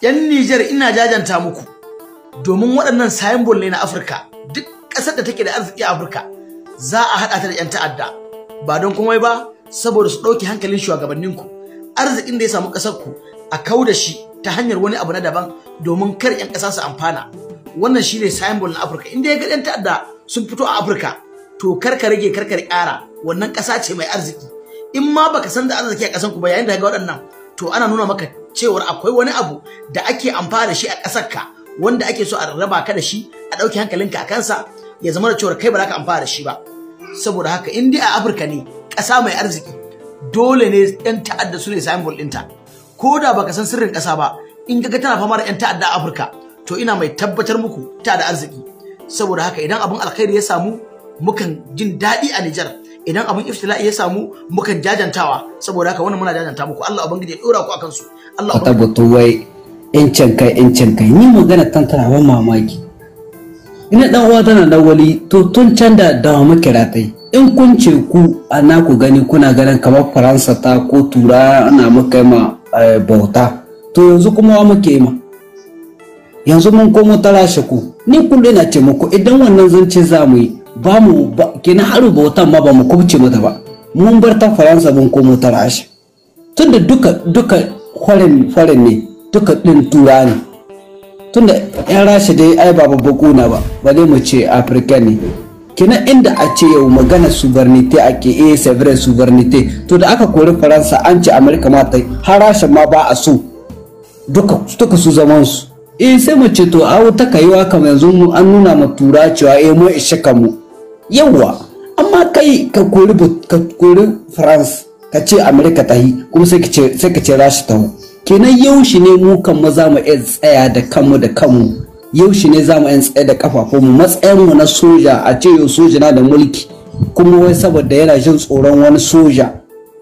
'yan Nijar ina jajanta muku domin waɗannan symbol ne na Afirka duk ƙasar da take da arziki a Afirka za a haɗa ta da 'yan ta'adda ba don komai ba saboda su ɗauki hankalin ku arzikin da ya samu ƙasar ku a kau da shi ta hanyar wani abu na daban domin kar 'yan ƙasa su amfana wannan shine symbol na Afirka inda ya ga 'yan ta'adda sun fito a Afirka to kar ka rage kar ka ƙara wannan ƙasa ce mai arziki in ma baka san da arziki a ƙasar ku ba yayin da ga waɗannan to ana nuna maka cewar akwai wani abu da ake amfana da shi a ƙasar ka wanda ake so a rarraba ka da shi a ɗauki hankalinka a kansa ya zama da cewar kai ba za ka amfana da shi ba saboda haka in a Afirka ne ƙasa mai arziki dole ne yan ta'adda su ne sayan ɗinta ko da baka san sirrin ƙasa ba in ka ga tana fama da yan ta'adda a Afirka to ina mai tabbatar muku ta da arziki saboda haka idan abin alkhairi ya samu mukan jin daɗi a Nijar idan abin iftila'i ya samu muka jajantawa saboda haka wannan muna jajanta muku Allah ubangiji ya dora ku akan su Allah ubangiji wai incin kai incin kai ni magana tantarawa mamaki ina dan uwa tana da wali to tun can da dawa makiratai in kun ce ku ana ku gani kuna ganin kamar faransa ta ko tura ana muka ma eh, bauta to yanzu kuma wa muke ma yanzu mun komo ta rashe ku ni kullum ina ce muku idan wannan zance za mu yi ba mu haru ba bautan ma ba mu kubce mata ba mun bar ta faransa mun komo ta rashi. tunda duka duka kwarin farin ne duka din tura ne tunda yan rashi dai ai ba babba kuna ba ba dai mu ce afirka ne kina inda a ce yau magana sovereignty ake eh sovereign sovereignty to da aka kori faransa an ce america ma ta har rasha ma ba a so duka duka su zaman su eh sai mu ce to a wuta kaiwa kamar yanzu an nuna ma tura cewa eh mu ishe kanmu yawwa amma kai ka kori ka france ka ce america ta yi kuma sai ka ce rashi ta kenan yaushe ne mu kan za mu iya tsaya da kanmu da kanmu yaushe ne za mu iya tsaya da kafafunmu mu na soja a ce yau soja na da mulki kuma wai saboda yana jin tsoron wani soja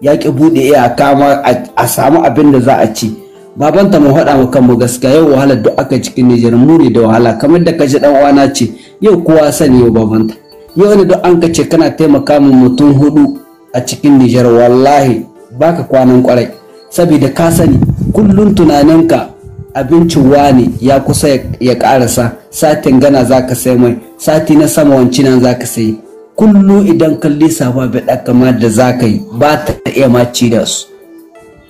ya ki bude iyaka ma a samu abin da za a ci babanta mu faɗa mu kanmu gaskiya yau wahala duk aka cikin Nijar mu ne da wahala kamar da kaji dan uwana ce yau kowa sani yau babanta yau ne don an ka ce kana taimaka mu mutum hudu a cikin nijar wallahi baka kwanan kwarai saboda ka sani kullum tunaninka abincin wani ya kusa ya karasa satin gana za ka sai mai sati na sama nan za ka sai kullu idan ka lissafa bai ma da za ka yi ba ta iya maci da su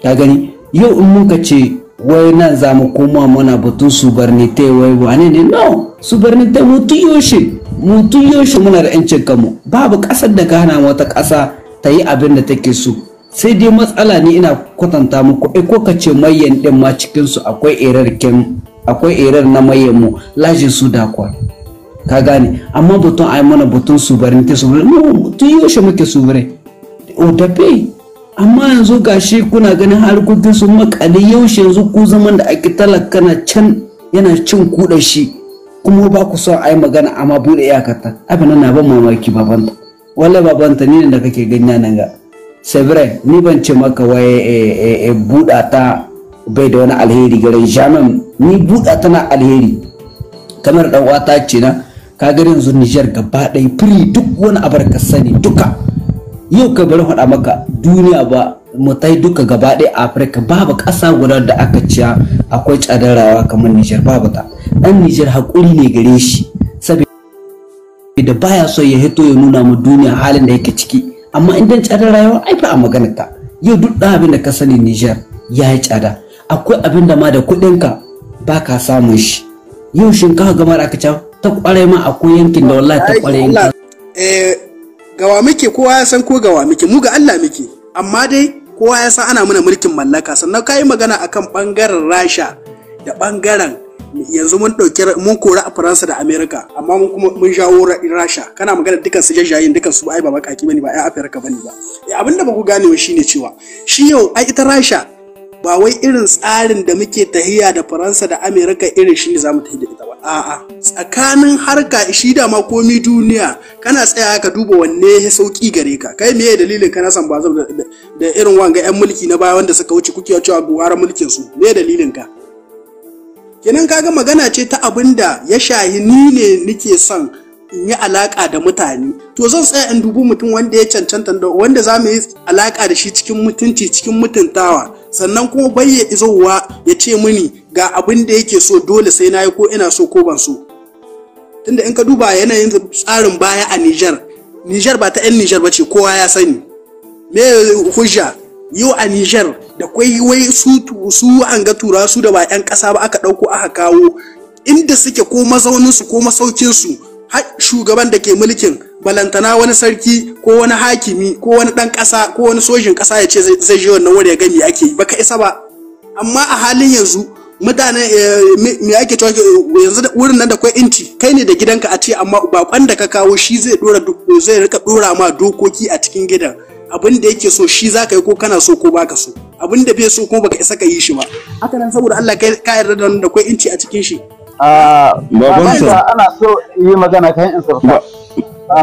ta gani yau in muka ce wai nan za mu koma mana batun subernite wai wane ne no subernite mutu yoshe Mutum tun yaushe muna da 'yancin kanmu babu ƙasar da gana wata ƙasa ta yi abin da take so sai dai matsala ne ina kwatanta muku ai eh, ko ka ce mayan din ma cikin su akwai erar kin akwai erar na mayan mu lajin su da kwa ka gane amma butun ai mana butun su barin te su no tun yaushe muke su bare o tafi amma yanzu gashi kuna ganin harkokin su makale yaushe yanzu ku zaman da ake talaka na can yana cin kuɗa shi kuma ba ku son a yi magana amma buɗe iyakarta abin na ban mamaki babanta wallahi babanta ni ne da kake ganya nan ga sebre ni ban ce maka waye eh, eh, eh, buɗa ta bai da wani alheri garin jamin ni buɗa na alheri kamar dan wata ce na ka garin yanzu Niger gaba ɗaya firi duk wani abar sani duka yau ka bari faɗa maka duniya ba mu tai duka gaba ɗaya afirka babu ƙasa guda da aka ciya akwai tsadar rayuwa kamar nijar babu ta ɗan nijar haƙuri ne gare shi saboda baya so ya hito ya nuna mu duniya halin da yake ciki amma idan tsadar rayuwa ai fa a magana ta yau duk ɗan abin da ka sani nijar ya yi tsada akwai abin da ma da kuɗinka ba ka samun shi yau shinkafa gama da aka ciya ta kwarai ma akwai yankin da wallahi ta kwarai yankin eh, gawa muke kowa ya san ko gawa muke mu ga Allah muke amma dai kowa ya san ana mana mulkin mallaka sannan ka yi magana akan bangaren rasha da bangaren yanzu mun ɗauki mun kori a faransa da amerika amma mun kuma mun jawo rasha kana magana dukkan su jajjayin dukkan su ai ba bakaki bane ba ai afirka bane ba eh, abin da ku gane shine cewa shi yau ai ita rasha ba wai irin tsarin da muke tahiya da faransa da amerika irin shi ne zamu tafi da ita a'a tsakanin harka shi da makomi duniya kana tsaya ka duba wanne ya sauki gare ka kai meye dalilin ka na san bazan da irin wanga yan mulki na baya wanda suka wuce kuke cewa gwara mulkin su meye dalilin ka kenan kaga magana ce ta abin da ya shahi ni ne nike son in yi alaka da mutane to zan tsaya in dubi mutum wanda ya cancanta wanda za mu yi alaka da shi cikin mutunci cikin mutuntawa sannan kuma bai ya izowa ya ce mini ga abin da yake so dole sai na yi ko ina so ko ban so tunda in ka duba yanayin tsarin baya a Nijar Nijar ba ta 'yan Nijar ba ce kowa ya sani me hujja yau a Nijar da kwai wai su su an ga tura su da ba 'yan ƙasa ba aka ɗauko aka kawo inda suke ko mazauninsu ko masaukinsu har shugaban da ke mulkin balantana wani sarki ko wani hakimi ko wani ɗan ƙasa ko wani sojin ƙasa ya ce zai je wannan wuri ya gani ake yi baka isa ba amma a halin yanzu mutane eh, me ake cewa eh, yanzu wurin nan da kwai inci kai ne da gidanka a ce amma bakon da ka kawo shi zai dora zai rika dora ma dokoki a cikin gidan abin da yake so shi za ka yi ko kana so ko baka so abin da bai so ko baka isa ka yi shi ba haka nan saboda Allah kai ka yarda da da kwai inci a cikin shi a ah, babanta ana so yi magana kai in sarfa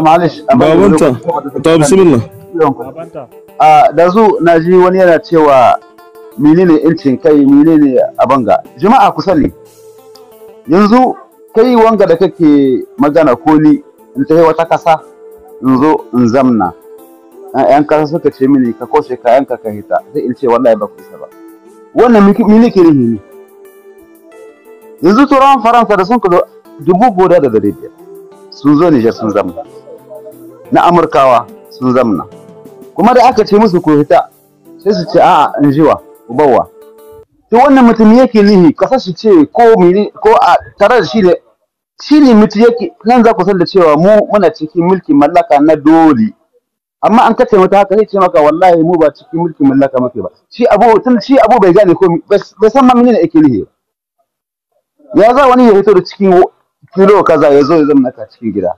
malish babanta ta bismillah babanta ah, da zu ji wani yana cewa menene yancin kai menene abanga jama'a ku sani yanzu kai wanga da kake magana ko ni in tafi wata kasa in zo in zamna ah, yan kasa suka ce mini ka koshe ka yanka ka hita sai in ce wallahi ba ku isa ba wannan mini ke ne yanzu turawan faransa da sun kudo dubu guda da dari biyar sun zo nijar sun zamna na amurkawa sun zamna kuma da aka ce musu ku hita sai su ce a'a in jiwa ubawa to wannan mutum yake nihi ka sashi ce ko miri ko a tare da shi ne. shi ne mutum yake nan za ku san da cewa mu muna cikin mulkin mallaka na dole amma an kace mata haka zai ce maka wallahi mu ba cikin mulkin mallaka muke ba shi abu tun shi abu bai gane ko bai san ma ne yake nihi ya za wani ya fito da cikin kilo kaza ya zo ya zama naka cikin gida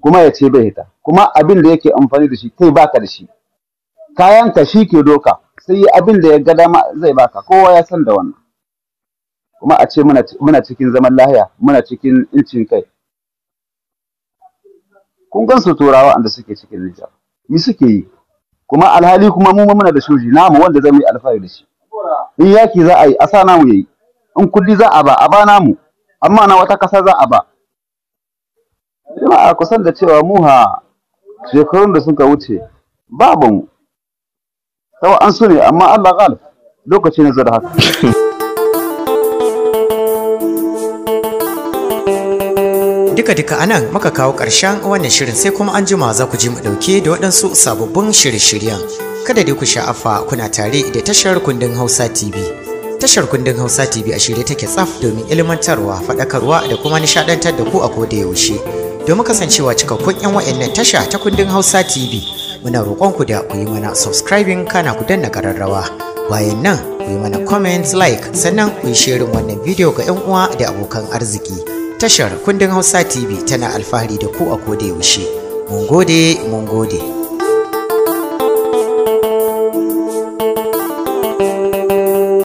kuma ya ce bai hita kuma abin da yake amfani da shi kai baka da shi kayanka shi ke doka sai abin da ya ga dama zai baka kowa ya san da wannan kuma a ce muna cikin zaman lahiya muna cikin incin kai kun gansu su turawa da suke cikin Nijar mi suke yi kuma alhali kuma mu muna da shoji namu wanda zai mu yi alfahari da shi in yaki za a yi a sa namu yayi in kudi za a ba a ba namu amma na wata kasa za a ba jama'a kusan da cewa mu ha shekarun da suka wuce babu sau an ne amma Allah galib lokaci ne zai da haka duka-duka anan muka kawo ƙarshen wannan shirin sai kuma an jima za ku ji mu ɗauke da waɗansu sababbin shirye-shiryen kada dai ku sha'afa kuna tare da tashar kundin hausa tv tashar kundin hausa tv a shirye take tsaf domin ilmantarwa faɗakarwa da kuma nishaɗantar da ku a koda yaushe domin kasancewa cikakkun 'yan wa'annan tasha ta kundin hausa tv muna roƙon ku da ku yi mana subscribing kana ku danna ƙararrawa bayan nan ku yi mana comment like sannan ku yi sharing wannan bidiyo ga 'yan uwa da abokan arziki tashar kundin hausa tv tana alfahari da ku a koda yaushe mun gode mun gode